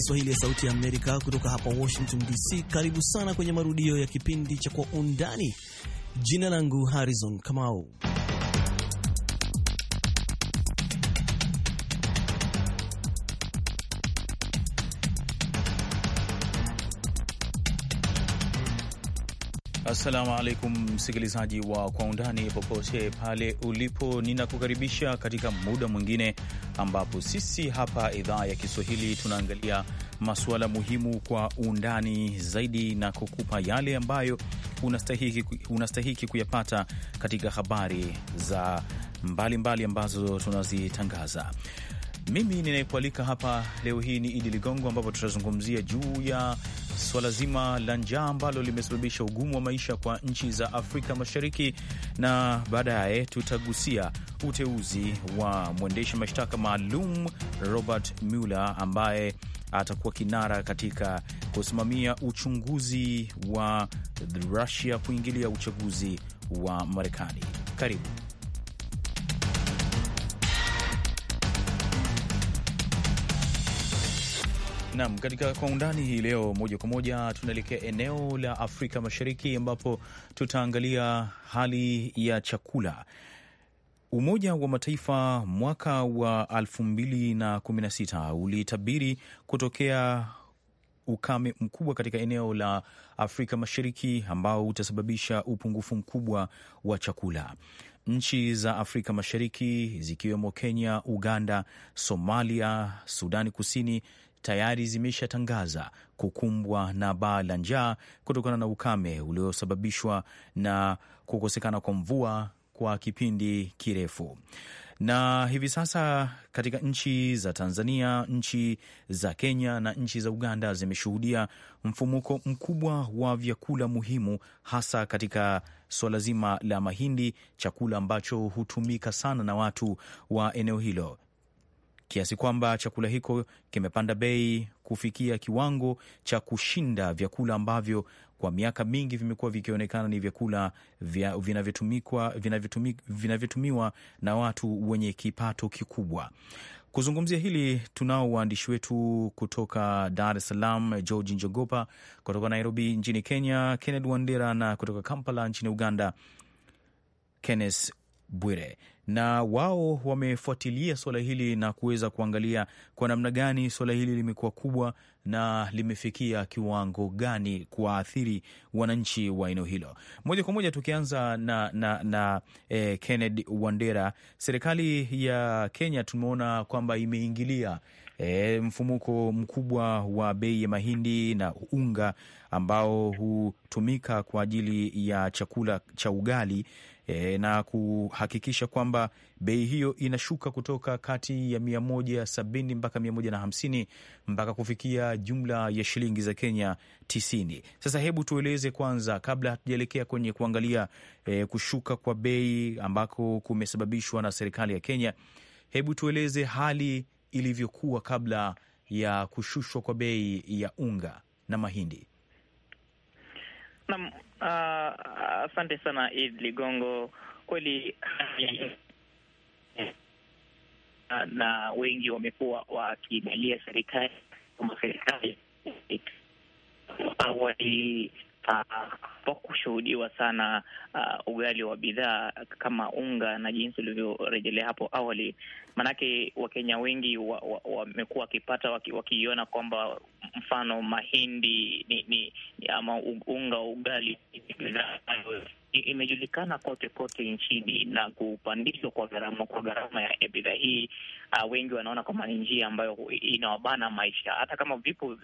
Kiswahili ya Sauti ya Amerika kutoka hapa Washington DC. Karibu sana kwenye marudio ya kipindi cha Kwa Undani. Jina langu Harrison Kamau. Assalamu alaikum msikilizaji wa Kwa Undani, popote pale ulipo, ninakukaribisha katika muda mwingine ambapo sisi hapa idhaa ya Kiswahili tunaangalia masuala muhimu kwa undani zaidi na kukupa yale ambayo unastahiki, unastahiki kuyapata katika habari za mbalimbali mbali ambazo tunazitangaza. Mimi ninayekualika hapa leo hii ni Idi Ligongo, ambapo tutazungumzia juu ya suala zima la njaa ambalo limesababisha ugumu wa maisha kwa nchi za Afrika Mashariki, na baadaye tutagusia uteuzi wa mwendesha mashtaka maalum Robert Mueller ambaye atakuwa kinara katika kusimamia uchunguzi wa Russia kuingilia uchaguzi wa Marekani. Karibu. Nam, katika kwa undani hii leo, moja kwa moja tunaelekea eneo la Afrika Mashariki ambapo tutaangalia hali ya chakula. Umoja wa Mataifa mwaka wa 2016 ulitabiri kutokea ukame mkubwa katika eneo la Afrika Mashariki ambao utasababisha upungufu mkubwa wa chakula. Nchi za Afrika Mashariki zikiwemo Kenya, Uganda, Somalia, Sudani Kusini tayari zimeshatangaza kukumbwa na baa la njaa kutokana na ukame uliosababishwa na kukosekana kwa mvua kwa kipindi kirefu na hivi sasa katika nchi za Tanzania, nchi za Kenya na nchi za Uganda zimeshuhudia mfumuko mkubwa wa vyakula muhimu, hasa katika suala zima la mahindi, chakula ambacho hutumika sana na watu wa eneo hilo kiasi kwamba chakula hicho kimepanda bei kufikia kiwango cha kushinda vyakula ambavyo kwa miaka mingi vimekuwa vikionekana ni vyakula vinavyotumiwa vinavyotumiwa vina na watu wenye kipato kikubwa. Kuzungumzia hili tunao waandishi wetu kutoka Dar es Salaam, George Njogopa, kutoka Nairobi nchini Kenya, Kenneth Wandera, na kutoka Kampala nchini Uganda, Kenneth Bwire na wao wamefuatilia suala hili na kuweza kuangalia kwa namna gani suala hili limekuwa kubwa na limefikia kiwango gani kuwaathiri wananchi wa eneo hilo. Moja kwa moja tukianza na, na, na eh, Kenneth Wandera, serikali ya Kenya tumeona kwamba imeingilia E, mfumuko mkubwa wa bei ya mahindi na unga ambao hutumika kwa ajili ya chakula cha ugali e, na kuhakikisha kwamba bei hiyo inashuka kutoka kati ya 170 mpaka 150 mpaka kufikia jumla ya shilingi za Kenya 90. Sasa hebu tueleze kwanza, kabla hatujaelekea kwenye kuangalia e, kushuka kwa bei ambako kumesababishwa na serikali ya Kenya, hebu tueleze hali ilivyokuwa kabla ya kushushwa kwa bei ya unga na mahindi. Naam, Ah, asante uh, sana Id Ligongo. Kweli na, wengi wamekuwa wakimalia serikali kama serikali awali Ah, kushuhudiwa sana uh, ugali wa bidhaa kama unga na jinsi ulivyorejelea hapo awali. Maanake Wakenya wengi wamekuwa wa, wakipata wakiiona waki kwamba mfano mahindi ni, ni, ama unga wa ugali bidhaa imejulikana kote kote nchini, na kupandishwa kwa gharama kwa gharama ya bidhaa hii, uh, wengi wanaona kwamba ni njia ambayo inawabana maisha, hata kama vipo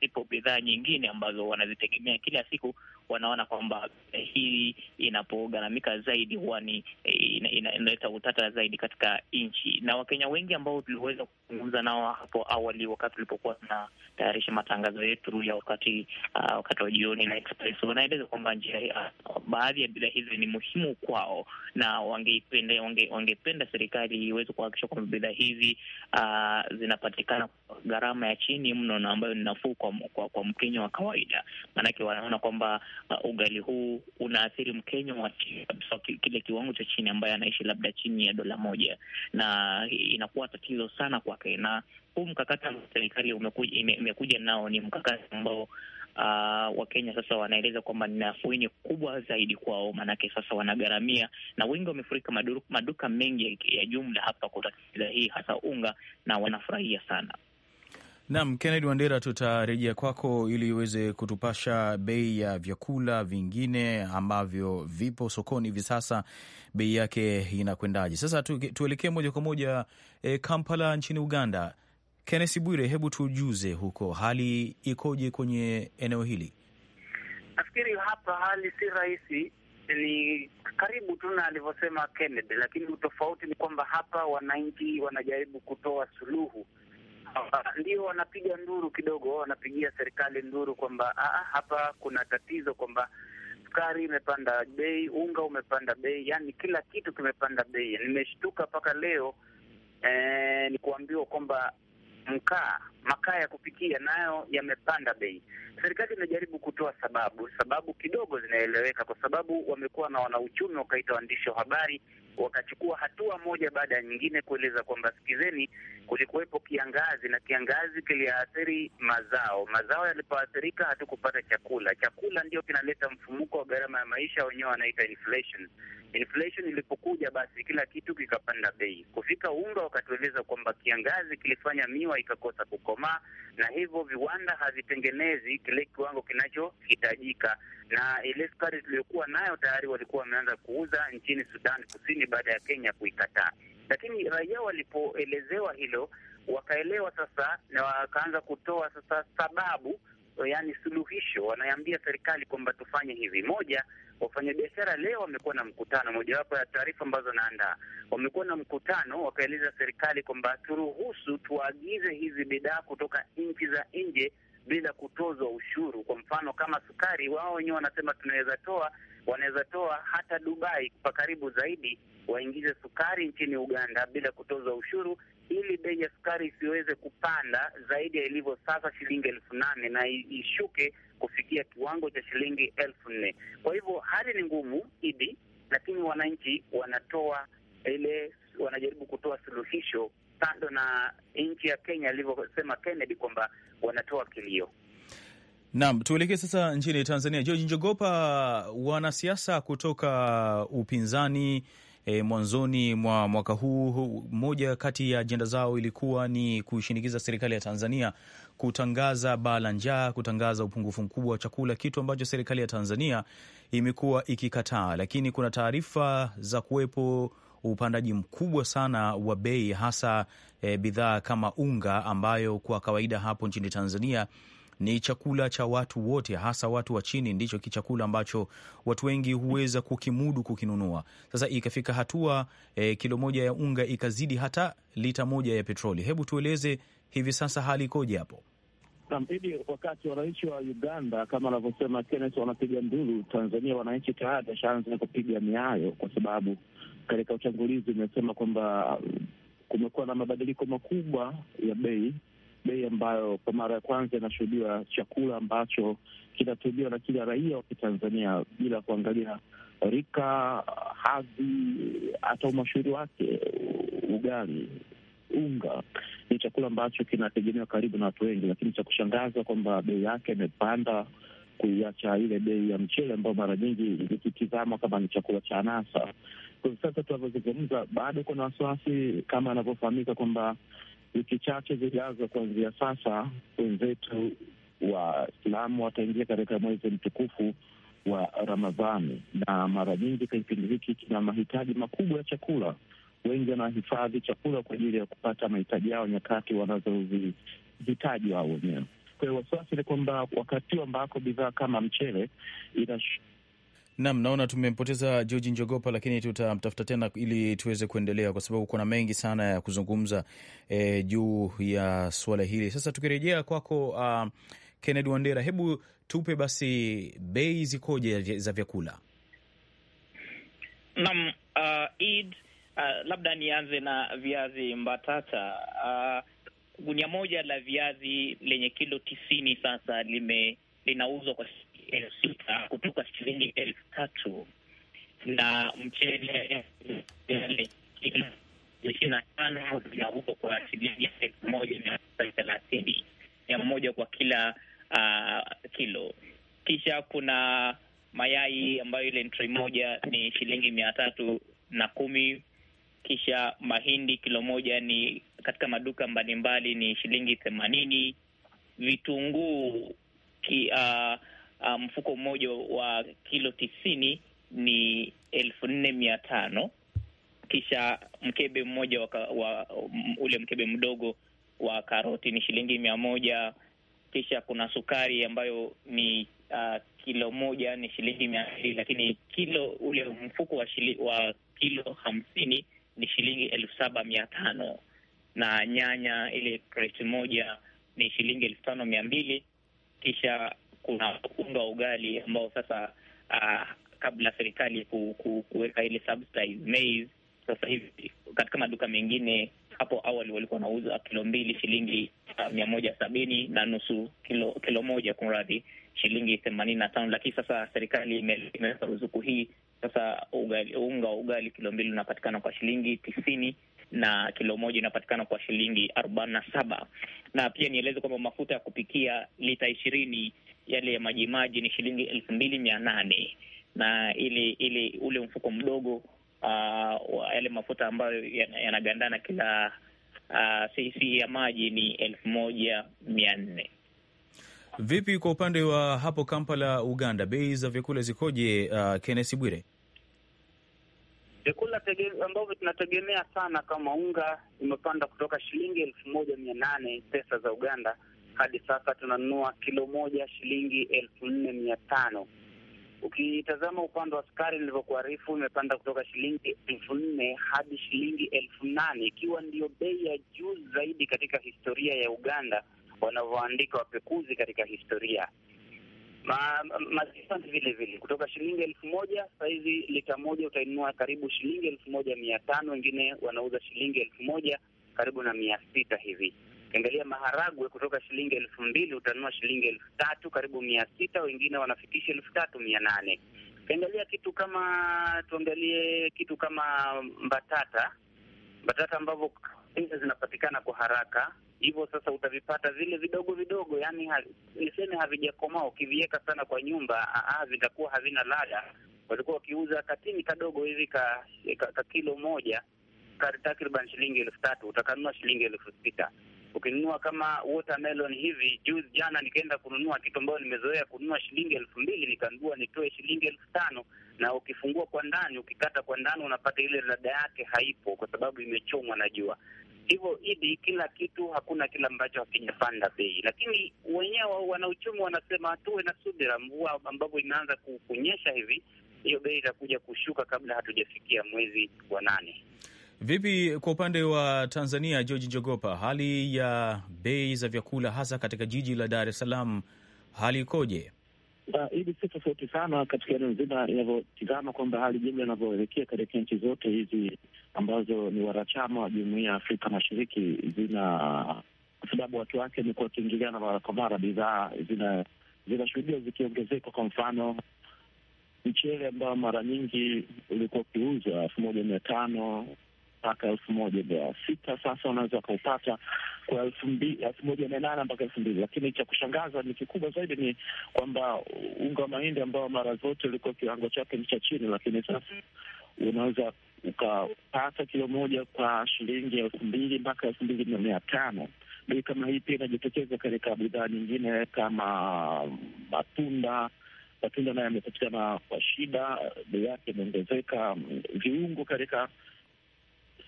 zipo bidhaa nyingine ambazo wanazitegemea kila siku, wanaona kwamba eh, hii inapogharamika zaidi huwa ni eh, inaleta utata zaidi katika nchi. Na Wakenya wengi ambao tuliweza kuzungumza nao hapo awali wakati tulipokuwa na tayarisha matangazo yetu ya wakati uh, wakati wa jioni na Express, wanaeleza kwamba njia uh, baadhi ya bidhaa hizi ni muhimu kwao na wangependa wange, wangependa serikali iweze kuhakikisha kwamba bidhaa hizi uh, zinapatikana gharama ya chini mno na ambayo ni nafuu kwa, kwa, kwa Mkenya wa kawaida, maanake wanaona kwamba uh, ugali huu unaathiri Mkenya wa kabisa kile kiwango cha chini ambaye anaishi labda chini ya dola moja, na inakuwa tatizo sana kwake na huu mkakati ambao serikali imekuja nao ni mkakati ambao Uh, ah, Wakenya sasa wanaeleza kwamba ni afueni kubwa zaidi kwao, maanake sasa wanagharamia, na wengi wamefurika maduka mengi ya jumla hapa kutatiza hii hasa unga, na wanafurahia sana. Naam, Kennedy Wandera, tutarejea kwako ili uweze kutupasha bei ya vyakula vingine ambavyo vipo sokoni hivi sasa, bei yake inakwendaje? Sasa tuelekee moja kwa moja e, Kampala nchini Uganda. Kennesi Bwire, hebu tujuze huko hali ikoje kwenye eneo hili? Nafikiri hapa hali si rahisi, ni karibu tu na alivyosema Kennedy, lakini utofauti ni kwamba hapa wananchi wanajaribu kutoa suluhu ah, ndio wanapiga nduru kidogo, wanapigia serikali nduru kwamba ah, ah, hapa kuna tatizo, kwamba sukari imepanda bei, unga umepanda bei, yani kila kitu kimepanda bei. Nimeshtuka mpaka leo eh, ni kuambiwa kwamba mkaa, makaa ya kupikia nayo yamepanda bei. Serikali imejaribu kutoa sababu, sababu kidogo zinaeleweka, kwa sababu wamekuwa na wanauchumi wakaita waandishi wa habari wakachukua hatua moja baada ya nyingine kueleza kwamba sikizeni, kulikuwepo kiangazi na kiangazi kiliathiri mazao. Mazao yalipoathirika, hatukupata chakula. Chakula ndio kinaleta mfumuko wa gharama ya maisha, wenyewe wanaita inflation. Inflation ilipokuja, basi kila kitu kikapanda bei. Kufika unga, wakatueleza kwamba kiangazi kilifanya miwa ikakosa kukomaa, na hivyo viwanda havitengenezi kile kiwango kinachohitajika, na ile sukari tuliyokuwa nayo tayari walikuwa wameanza kuuza nchini Sudan Kusini mbili baada ya Kenya kuikataa, lakini raia walipoelezewa hilo wakaelewa sasa, na wakaanza kutoa sasa sababu, yaani suluhisho. wanaambia serikali kwamba tufanye hivi. Moja, wafanyabiashara leo wamekuwa na mkutano, mojawapo ya taarifa ambazo naandaa, wamekuwa na mkutano, wakaeleza serikali kwamba turuhusu tuagize hizi bidhaa kutoka nchi za nje bila kutozwa ushuru. Kwa mfano kama sukari, wao wenyewe wanasema tunaweza toa wanaweza toa hata Dubai kwa karibu zaidi, waingize sukari nchini Uganda bila kutoza ushuru, ili bei ya sukari isiweze kupanda zaidi ya ilivyo sasa, shilingi elfu nane na ishuke kufikia kiwango cha shilingi elfu nne. Kwa hivyo hali ni ngumu idi, lakini wananchi wanatoa ile, wanajaribu kutoa suluhisho, kando na nchi ya Kenya alivyosema Kennedy kwamba wanatoa kilio. Naam, tuelekee sasa nchini Tanzania. George Njogopa, wanasiasa kutoka upinzani E, mwanzoni mwa mwaka huu moja kati ya ajenda zao ilikuwa ni kushinikiza serikali ya Tanzania kutangaza baa la njaa, kutangaza upungufu mkubwa wa chakula, kitu ambacho serikali ya Tanzania imekuwa ikikataa. Lakini kuna taarifa za kuwepo upandaji mkubwa sana wa bei, hasa e, bidhaa kama unga ambayo kwa kawaida hapo nchini Tanzania ni chakula cha watu wote, hasa watu wa chini, ndicho kichakula ambacho watu wengi huweza kukimudu kukinunua. Sasa ikafika hatua e, kilo moja ya unga ikazidi hata lita moja ya petroli. Hebu tueleze hivi sasa hali ikoje hapo? Nampidi wakati wananchi wa Uganda kama anavyosema Kenneth wanapiga nduru, Tanzania wananchi tayari washaanza kupiga miayo, kwa sababu katika uchangulizi imesema kwamba kumekuwa na mabadiliko makubwa ya bei bei ambayo kwa mara ya kwanza inashuhudiwa chakula ambacho kinatumiwa na kila raia wa Kitanzania bila kuangalia rika, hadhi, hata umashuhuri wake. Ugali, unga ni chakula ambacho kinategemewa karibu na watu wengi, lakini cha kushangaza kwamba bei yake imepanda kuiacha ile bei ya mchele ambayo mara nyingi ikitizama kama ni chakula cha anasa. Kwa sasa tunavyozungumza, bado kuna wasiwasi kama anavyofahamika kwamba wiki chache zijazo kuanzia sasa, wenzetu Waislamu wataingia katika mwezi mtukufu wa Ramadhani, na mara nyingi kipindi hiki kina mahitaji makubwa ya chakula. Wengi wanahifadhi chakula kwa ajili ya kupata mahitaji yao nyakati wanazozihitaji wao wenyewe. Kwa hiyo wasiwasi ni kwamba wakati huu ambako bidhaa kama mchele Nam, naona tumempoteza George Njogopa, lakini tutamtafuta tena ili tuweze kuendelea, kwa sababu kuna mengi sana ya kuzungumza e, juu ya suala hili. Sasa tukirejea kwako, uh, Kennedy Wandera, hebu tupe basi bei zikoje za vyakula. Nam uh, ah, uh, ah, labda nianze na viazi mbatata. Uh, gunia moja la viazi lenye kilo tisini sasa lime linauzwa kwa elfu sita kutoka shilingi elfu tatu na mchele ishirini na tano vinauzwa kwa shilingi elfu moja mia tisa thelathini mia moja kwa kila uh, kilo. Kisha kuna mayai ambayo ile trei moja ni shilingi mia tatu na kumi. Kisha mahindi kilo moja ni katika maduka mbalimbali ni shilingi themanini. Vitunguu ki, uh, Ah, mfuko mmoja wa kilo tisini ni elfu nne mia tano kisha mkebe mmoja wa, wa um, ule mkebe mdogo wa karoti ni shilingi mia moja kisha kuna sukari ambayo ni uh, kilo moja ni shilingi mia mbili lakini kilo ule mfuko wa, shili, wa kilo hamsini ni shilingi elfu saba mia tano na nyanya ile kreti moja ni shilingi elfu tano mia mbili kisha kuna unga wa ugali ambao sasa uh, kabla serikali ku, ku, kuweka ile subsidized maize, sasa hivi katika maduka mengine hapo awali walikuwa wanauza kilo mbili shilingi uh, mia moja sabini na nusu kilo, kilo moja kumradhi shilingi themanini na tano lakini sasa serikali imeweka ruzuku hii sasa ugali, unga wa ugali kilo mbili unapatikana kwa shilingi tisini na kilo moja inapatikana kwa shilingi arobaini na saba na pia nieleze kwamba mafuta ya kupikia lita ishirini yale ya majimaji ni shilingi elfu mbili mia nane na ili, ili ule mfuko mdogo uh, yale mafuta ambayo yanagandana kila uh, cc ya maji ni elfu moja mia nne. Vipi kwa upande wa hapo Kampala, Uganda, bei za vyakula zikoje? Uh, ah, Kennesi Bwire, vyakula ambavyo tunategemea sana kama unga imepanda kutoka shilingi elfu moja mia nane pesa za Uganda hadi sasa tunanunua kilo moja shilingi elfu nne mia tano. Ukitazama upande wa sukari nilivyokuarifu, imepanda kutoka shilingi elfu nne hadi shilingi elfu nane ikiwa ndiyo bei ya juu zaidi katika historia ya Uganda wanavyoandika wapekuzi katika historia. Maziwa vile vile kutoka shilingi elfu moja sahizi, lita moja utainunua karibu shilingi elfu moja mia tano wengine wanauza shilingi elfu moja karibu na mia sita hivi. Ukiangalia maharagwe kutoka shilingi elfu mbili utanunua shilingi elfu tatu karibu mia sita wengine wanafikisha elfu tatu mia nane Ukiangalia kitu kama tuangalie kitu kama mbatata, mbatata ambavyo zinapatikana kwa haraka hivyo sasa utavipata vile vidogo vidogo, yani ha, niseme havijakomaa. Ukiviweka sana kwa nyumba vitakuwa havina lada Walikuwa wakiuza katini kadogo hivi ka, ka, ka kilo moja takriban shilingi elfu tatu utakanunua shilingi elfu sita ukinunua kama watermelon hivi, juzi jana nikaenda kununua kitu ambayo nimezoea kununua shilingi elfu mbili nikaambiwa nitoe shilingi elfu tano na ukifungua kwa ndani, ukikata kwa ndani, unapata ile rada yake haipo, kwa sababu imechomwa na jua. Hivyo idi, kila kitu hakuna kile ambacho hakijapanda bei, lakini wenyewe wanauchumi wanasema tuwe na subira, mvua ambavyo imeanza kunyesha hivi, hiyo bei itakuja kushuka kabla hatujafikia mwezi wa nane. Vipi kwa upande wa Tanzania, George Njogopa, hali ya bei za vyakula hasa katika jiji la Dar es Salaam hali ikoje? Hivi si tofauti sana katika eneo nzima inavyotizama kwamba hali jumla inavyoelekea katika nchi zote hizi ambazo ni wanachama wa jumuiya ya Afrika Mashariki zina kwa sababu watu wake wamekuwa wakiingiliana mara kwa mara, bidhaa zinashuhudia zikiongezeka. Kwa mfano mchele ambao mara nyingi ulikuwa ukiuzwa elfu moja mia tano mpaka elfu moja mia sita sasa unaweza ukaupata kwa elfu mbili elfu moja mia nane mpaka elfu mbili Lakini cha kushangaza ni kikubwa zaidi ni kwamba unga wa mahindi ambao mara zote ulikuwa kiwango chake ni cha chini, lakini sasa unaweza ukapata kilo moja kwa shilingi elfu mbili mpaka elfu mbili na mia tano. Bei kama hii pia inajitokeza katika bidhaa nyingine kama matunda. Matunda naye yamepatikana kwa shida, bei yake imeongezeka. Viungo katika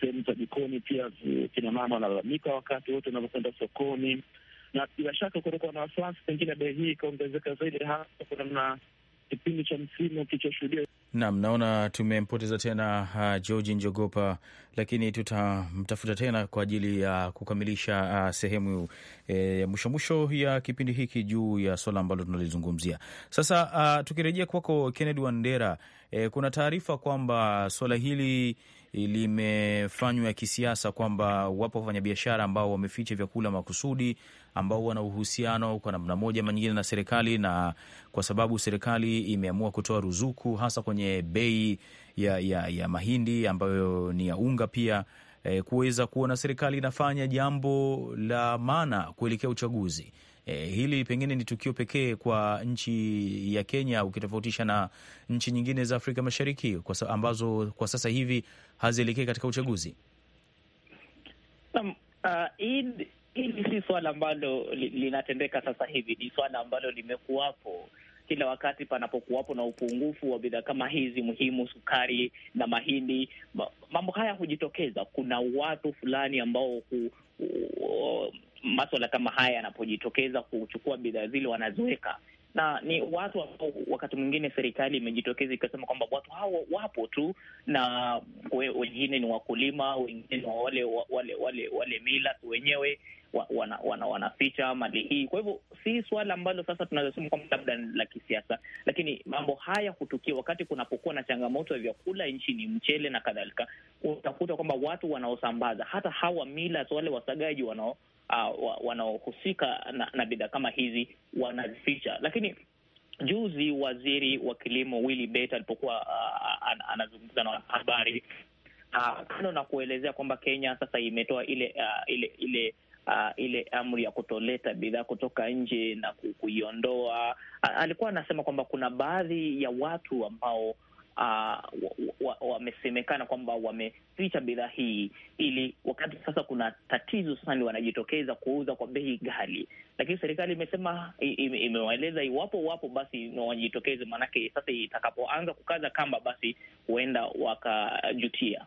sehemu za jikoni. Pia kina mama wanalalamika wakati wote wanavyokwenda sokoni, na bila shaka kutakuwa na wasiwasi, pengine bei hii ikaongezeka zaidi, hasa kuna na kipindi cha msimu kilichoshuhudia. Naam, naona tumempoteza tena uh, George Njogopa, lakini tutamtafuta tena kwa ajili ya uh, kukamilisha uh, sehemu e, ya uh, mwisho mwisho ya kipindi hiki juu ya swala ambalo tunalizungumzia sasa. Uh, tukirejea kwako Kennedy Wandera, uh, kuna taarifa kwamba swala hili limefanywa ya kisiasa, kwamba wapo wafanyabiashara ambao wameficha vyakula makusudi, ambao wana uhusiano kwa namna moja ama nyingine na serikali, na kwa sababu serikali imeamua kutoa ruzuku hasa kwenye bei ya, ya, ya mahindi ambayo ni ya unga pia e, kuweza kuona serikali inafanya jambo la maana kuelekea uchaguzi eh, hili pengine ni tukio pekee kwa nchi ya Kenya ukitofautisha na nchi nyingine za Afrika Mashariki kwa ambazo kwa sasa hivi hazielekei katika uchaguzi. Um, uh, hili si suala ambalo linatendeka sasa hivi, ni suala ambalo limekuwapo kila wakati panapokuwapo na upungufu wa bidhaa kama hizi muhimu, sukari na mahindi, mambo haya hujitokeza. Kuna watu fulani ambao maswala kama haya yanapojitokeza kuchukua bidhaa zile, wanaziweka na ni watu ambao wakati mwingine serikali imejitokeza ikasema kwamba watu hao wapo tu, na wengine ni wakulima, wengine ni wale wale wale wale mila wenyewe wanaficha wana, wana mali hii. Kwa hivyo si suala ambalo sasa tunazosema kwamba labda la kisiasa, lakini mambo haya hutukia wakati kunapokuwa na changamoto ya vyakula nchini, mchele na kadhalika. Utakuta kwamba watu wanaosambaza hata hawa mila wale wasagaji wanao uh, wanaohusika na, na bidhaa kama hizi wanazificha. Lakini juzi waziri wa kilimo Willy Bett alipokuwa uh, anazungumza na wanahabari uh, kando na kuelezea kwamba Kenya sasa imetoa ile uh, ile ile Uh, ile amri ya kutoleta bidhaa kutoka nje na kuiondoa. Uh, alikuwa anasema kwamba kuna baadhi ya watu ambao wamesemekana uh, wa, wa kwamba wameficha bidhaa hii, ili wakati sasa kuna tatizo sasa wanajitokeza kuuza kwa bei ghali, lakini serikali imesema imewaeleza iwapo wapo basi na wajitokeze, maanake sasa itakapoanza kukaza kamba, basi huenda wakajutia.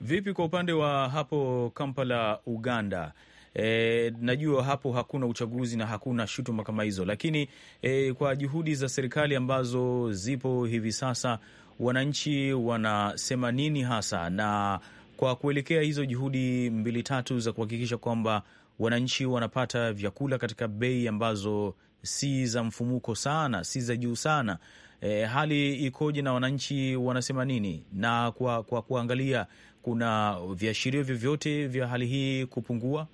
Vipi kwa upande wa hapo Kampala, Uganda? E, najua hapo hakuna uchaguzi na hakuna shutuma kama hizo, lakini e, kwa juhudi za serikali ambazo zipo hivi sasa, wananchi wanasema nini hasa, na kwa kuelekea hizo juhudi mbili tatu za kuhakikisha kwamba wananchi wanapata vyakula katika bei ambazo si za mfumuko sana, si za juu sana. E, hali ikoje na wananchi wanasema nini? Na kwa, kwa kuangalia kuna viashirio vyovyote vya hali hii kupungua?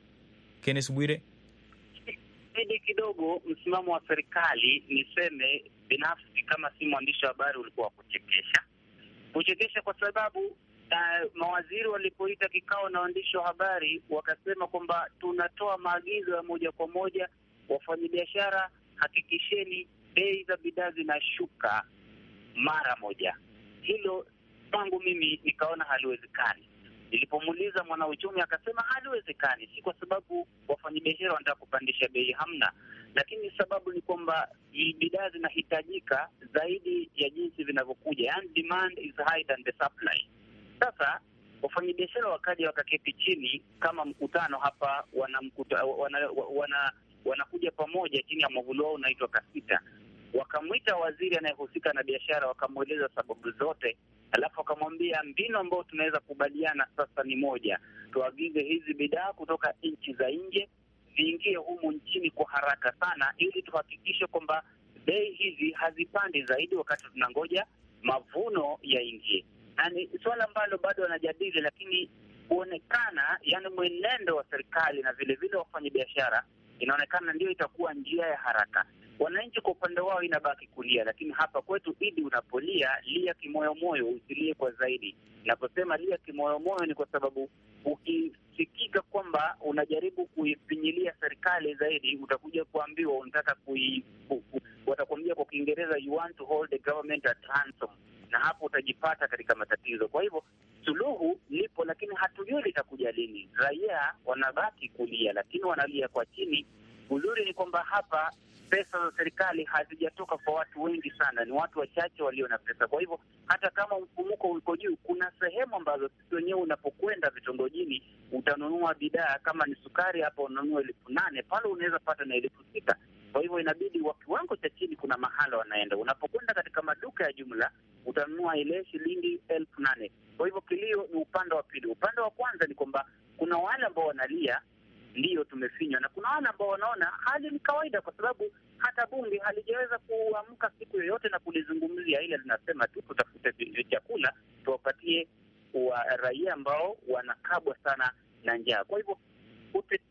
Kenneth Bwire? Idi kidogo, msimamo wa serikali niseme binafsi, kama si mwandishi wa habari, ulikuwa wa kuchekesha, kuchekesha kwa sababu na mawaziri walipoita kikao na waandishi wa habari wakasema kwamba tunatoa maagizo ya moja kwa moja, wafanyabiashara, hakikisheni bei za bidhaa zinashuka mara moja. Hilo kwangu mimi nikaona haliwezekani, Nilipomuuliza mwanauchumi akasema haliwezekani, si kwa sababu wafanyabiashara wanataka kupandisha bei, hamna, lakini sababu ni kwamba bidhaa zinahitajika zaidi ya jinsi vinavyokuja, yani demand is higher than the supply. Sasa wafanyabiashara wakaja wakaketi chini kama mkutano hapa, wana wana, wana, wana, pamoja chini ya mwavuli wao unaitwa Kasita wakamwita waziri anayehusika na biashara, wakamweleza sababu zote, alafu wakamwambia mbinu ambayo tunaweza kubaliana sasa ni moja, tuagize hizi bidhaa kutoka nchi za nje ziingie humu nchini kwa haraka sana, ili tuhakikishe kwamba bei hizi hazipandi zaidi wakati tunangoja mavuno yaingie. Ni suala ambalo bado wanajadili, lakini kuonekana, yani mwenendo wa serikali na vilevile wafanyabiashara, inaonekana ndio itakuwa njia ya haraka. Wananchi kwa upande wao inabaki kulia, lakini hapa kwetu Idi, unapolia lia kimoyomoyo, usilie kwa zaidi. Naposema lia kimoyomoyo ni kwa sababu ukisikika kwamba unajaribu kuipinyilia serikali zaidi, utakuja kuambiwa unataka kui, watakuambia kwa Kiingereza you want to hold the government at ransom, na hapo utajipata katika matatizo. Kwa hivyo suluhu lipo, lakini hatujui litakuja lini. Raia wanabaki kulia, lakini wanalia kwa chini Uzuri ni kwamba hapa pesa za serikali hazijatoka kwa watu wengi sana, ni watu wachache walio na pesa. Kwa hivyo hata kama mfumuko uko juu, kuna sehemu ambazo sisi wenyewe unapokwenda vitongojini utanunua bidhaa kama ni sukari, hapa unanunua elfu nane pale unaweza pata na elfu sita Kwa hivyo inabidi wa kiwango cha chini, kuna mahala wanaenda. Unapokwenda katika maduka ya jumla utanunua ile shilingi elfu nane Kwa hivyo kilio ni upande wa pili. Upande wa kwanza ni kwamba kuna wale ambao wanalia ndiyo tumefinywa, na kuna wale ambao wanaona hali ni kawaida, kwa sababu hata bunge halijaweza kuamka siku yoyote na kulizungumzia, ila linasema tu tutafute chakula tuwapatie wa raia ambao wanakabwa sana na njaa. Kwa hivyo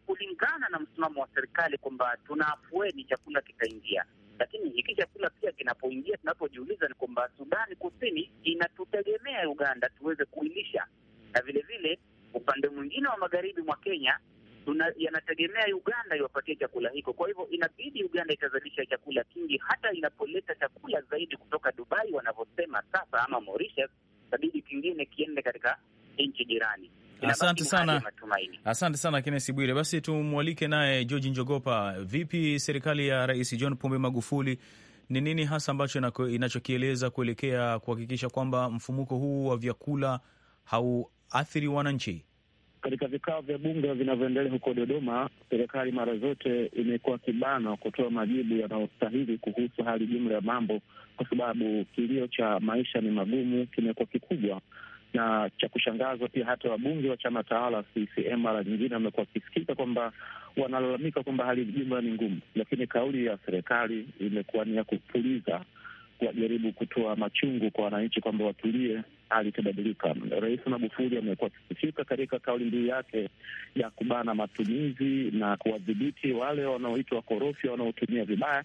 kulingana na msimamo wa serikali kwamba tuna afueni, chakula kitaingia, lakini hiki chakula pia kinapoingia, tunapojiuliza ni kwamba Sudani Kusini inatutegemea Uganda tuweze kuilisha, na vilevile upande mwingine wa magharibi mwa Kenya tuna, yanategemea Uganda iwapatie chakula hiko. Kwa hivyo inabidi Uganda itazalisha chakula kingi, hata inapoleta chakula zaidi kutoka Dubai wanavyosema sasa, ama Mauritius, itabidi kingine kiende katika nchi jirani. Asante sana, asante sana Kenesi Bwire. Basi tumwalike naye George Njogopa. Vipi serikali ya Rais John Pombe Magufuli, ni nini hasa ambacho inachokieleza kuelekea kuhakikisha kwamba mfumuko huu wa vyakula hauathiri wananchi? Katika vikao vya bunge vinavyoendelea huko Dodoma, serikali mara zote imekuwa kibano kutoa majibu yanayostahili kuhusu hali jumla ya mambo, kwa sababu kilio cha maisha ni magumu kimekuwa kikubwa na cha kushangaza pia hata wabunge wa chama tawala CCM mara nyingine wamekuwa wakisikika kwamba wanalalamika kwamba hali jumla ni ngumu, lakini kauli ya serikali imekuwa ni ya kupuliza kujaribu kutoa machungu kwa wananchi kwamba watulie, hali itabadilika. Rais Magufuli amekuwa akisifika katika kauli mbiu yake ya kubana matumizi na kuwadhibiti wale wanaoitwa korofi wanaotumia vibaya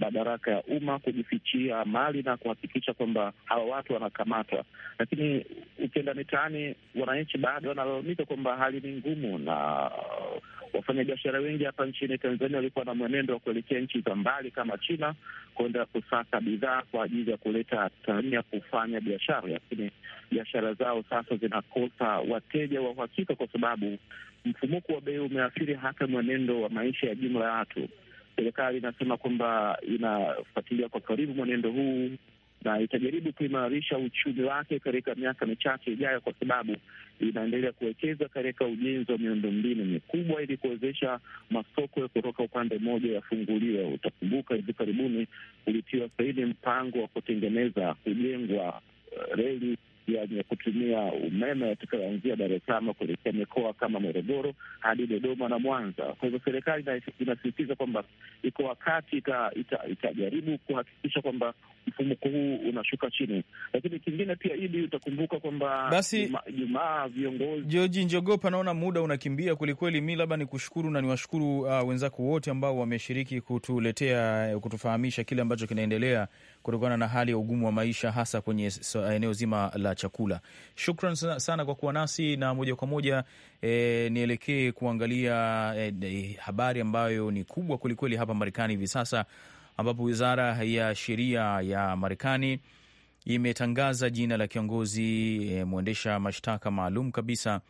madaraka ya umma kujifichia mali na kuhakikisha kwamba hawa watu wanakamatwa. Lakini ukienda mitaani, wananchi bado wanalalamika kwamba hali ni ngumu, na uh, wafanyabiashara wengi hapa nchini Tanzania walikuwa na mwenendo wa kuelekea nchi za mbali kama China kuenda kusaka bidhaa kwa ajili ya kuleta Tanzania kufanya biashara, lakini biashara zao sasa zinakosa wateja wa uhakika kwa sababu mfumuko wa bei umeathiri hata mwenendo wa maisha ya jumla ya watu serikali inasema kwamba inafuatilia kwa karibu mwenendo huu na itajaribu kuimarisha uchumi wake katika miaka michache ijayo, kwa sababu inaendelea kuwekeza katika ujenzi wa miundombinu mikubwa ili kuwezesha masoko kutoka upande mmoja yafunguliwe. Utakumbuka hivi karibuni kulitiwa saini mpango wa kutengeneza kujengwa uh, reli yenye kutumia umeme watakaoanzia Dar es Salaam kuelekea mikoa kama Morogoro hadi Dodoma na Mwanza. Kwa hivyo serikali inasisitiza kwamba iko wakati itajaribu ita, ita kuhakikisha kwamba mfumuko huu unashuka chini, lakini kingine pia ili utakumbuka kwamba basi Jumaa viongozi Joji Njogopa, naona muda unakimbia kwelikweli. Mi labda nikushukuru na niwashukuru uh, wenzako wote ambao wameshiriki kutuletea kutufahamisha kile ambacho kinaendelea kutokana na hali ya ugumu wa maisha hasa kwenye eneo zima la chakula. Shukran sana kwa kuwa nasi na moja kwa moja e, nielekee kuangalia e, habari ambayo ni kubwa kwelikweli hapa Marekani hivi sasa ambapo wizara ya sheria ya Marekani imetangaza jina la kiongozi e, mwendesha mashtaka maalum kabisa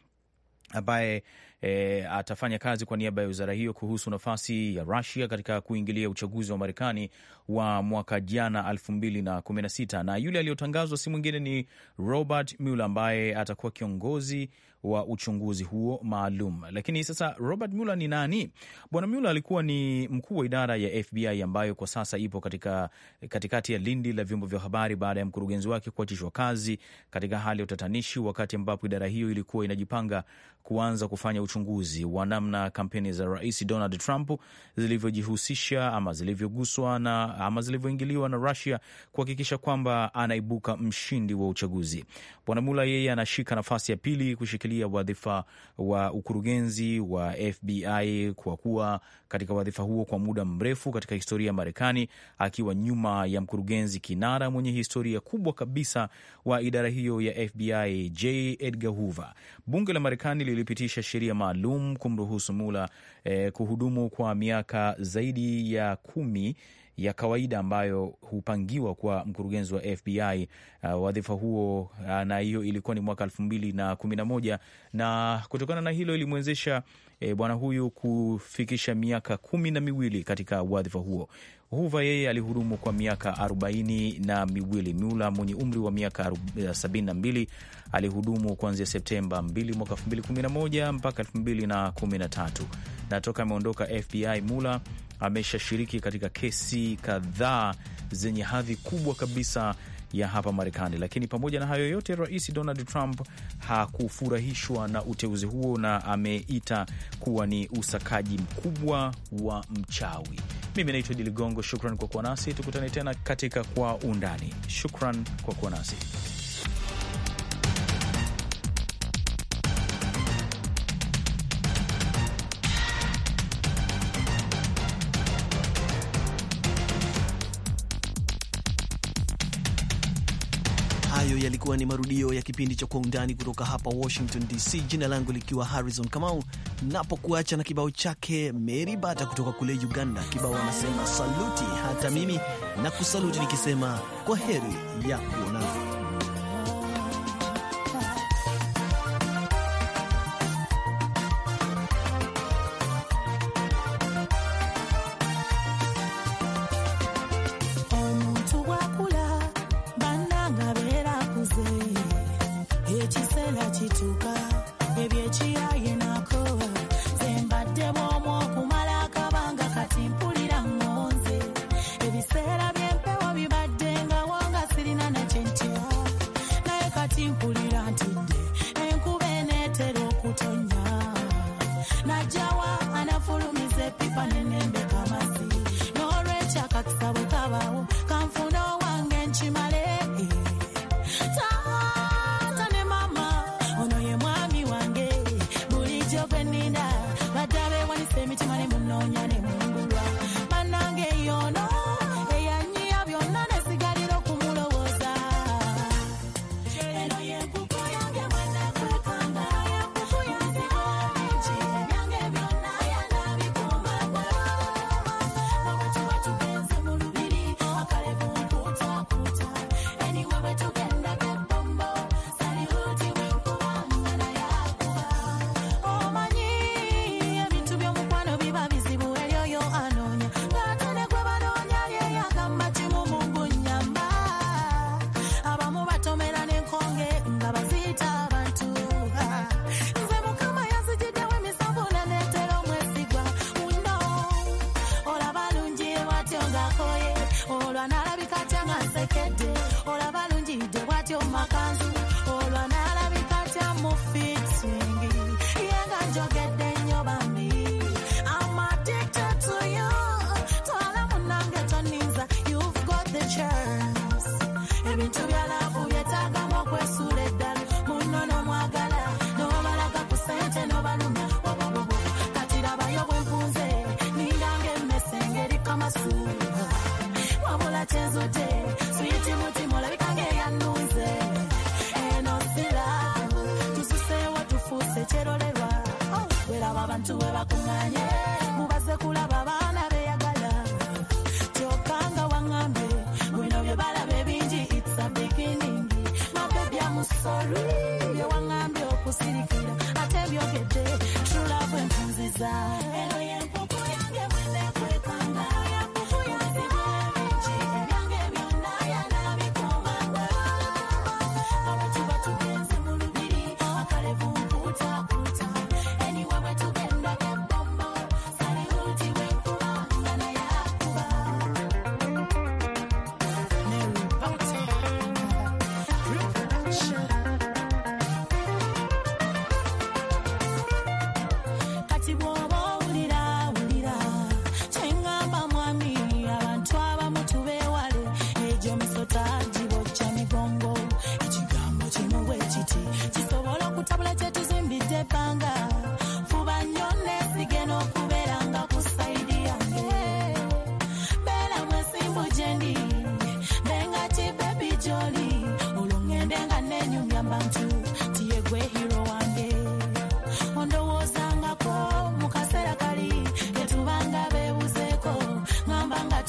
ambaye e, atafanya kazi kwa niaba ya wizara hiyo kuhusu nafasi ya Rusia katika kuingilia uchaguzi wa Marekani wa mwaka jana 2016 na yule aliyotangazwa si mwingine ni Robert Mueller ambaye atakuwa kiongozi wa uchunguzi huo maalum. Lakini sasa Robert Mueller ni nani? Bwana Mueller alikuwa ni mkuu wa idara ya FBI ambayo kwa sasa ipo katika katikati ya lindi la vyombo vya habari baada ya mkurugenzi wake kuachishwa kazi katika hali ya utatanishi, wakati ambapo idara hiyo ilikuwa inajipanga kuanza kufanya uchunguzi wa namna kampeni za Rais Donald Trump zilivyojihusisha ama zilivyoguswa na ama zilivyoingiliwa na Rusia kuhakikisha kwamba anaibuka mshindi wa uchaguzi. Bwana Mula yeye anashika nafasi ya pili kushikilia wadhifa wa ukurugenzi wa FBI kwa kuwa katika wadhifa huo kwa muda mrefu katika historia ya Marekani, akiwa nyuma ya mkurugenzi kinara mwenye historia kubwa kabisa wa idara hiyo ya FBI J. Edgar Hoover. Bunge la Marekani lilipitisha sheria maalum kumruhusu Mula eh, kuhudumu kwa miaka zaidi ya kumi ya kawaida ambayo hupangiwa kwa mkurugenzi wa FBI uh, wadhifa huo uh, na hiyo ilikuwa ni mwaka elfu mbili na kumi na moja na kutokana na hilo ilimwezesha eh, bwana huyu kufikisha miaka kumi na miwili katika wadhifa huo. Huva yeye alihudumu kwa miaka arobaini na miwili. Mula mwenye umri wa miaka eh, sabini na mbili alihudumu kuanzia Septemba mbili mwaka elfu mbili kumi na moja mpaka elfu mbili na kumi na na tatu toka ameondoka FBI Mula ameshashiriki katika kesi kadhaa zenye hadhi kubwa kabisa ya hapa Marekani. Lakini pamoja na hayo yote, Rais Donald Trump hakufurahishwa na uteuzi huo na ameita kuwa ni usakaji mkubwa wa mchawi. Mimi naitwa Diligongo, Ligongo, shukran kwa kuwa nasi. Tukutane tena katika Kwa Undani. Shukran kwa kuwa nasi. ilikuwa ni marudio ya kipindi cha Kwa Undani kutoka hapa Washington DC, jina langu likiwa Harrison Kamau, napokuacha na kibao chake Mary Bata kutoka kule Uganda. Kibao anasema saluti, hata mimi na kusaluti nikisema kwa heri ya kuonana.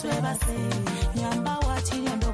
twebaze nyamba wakirembo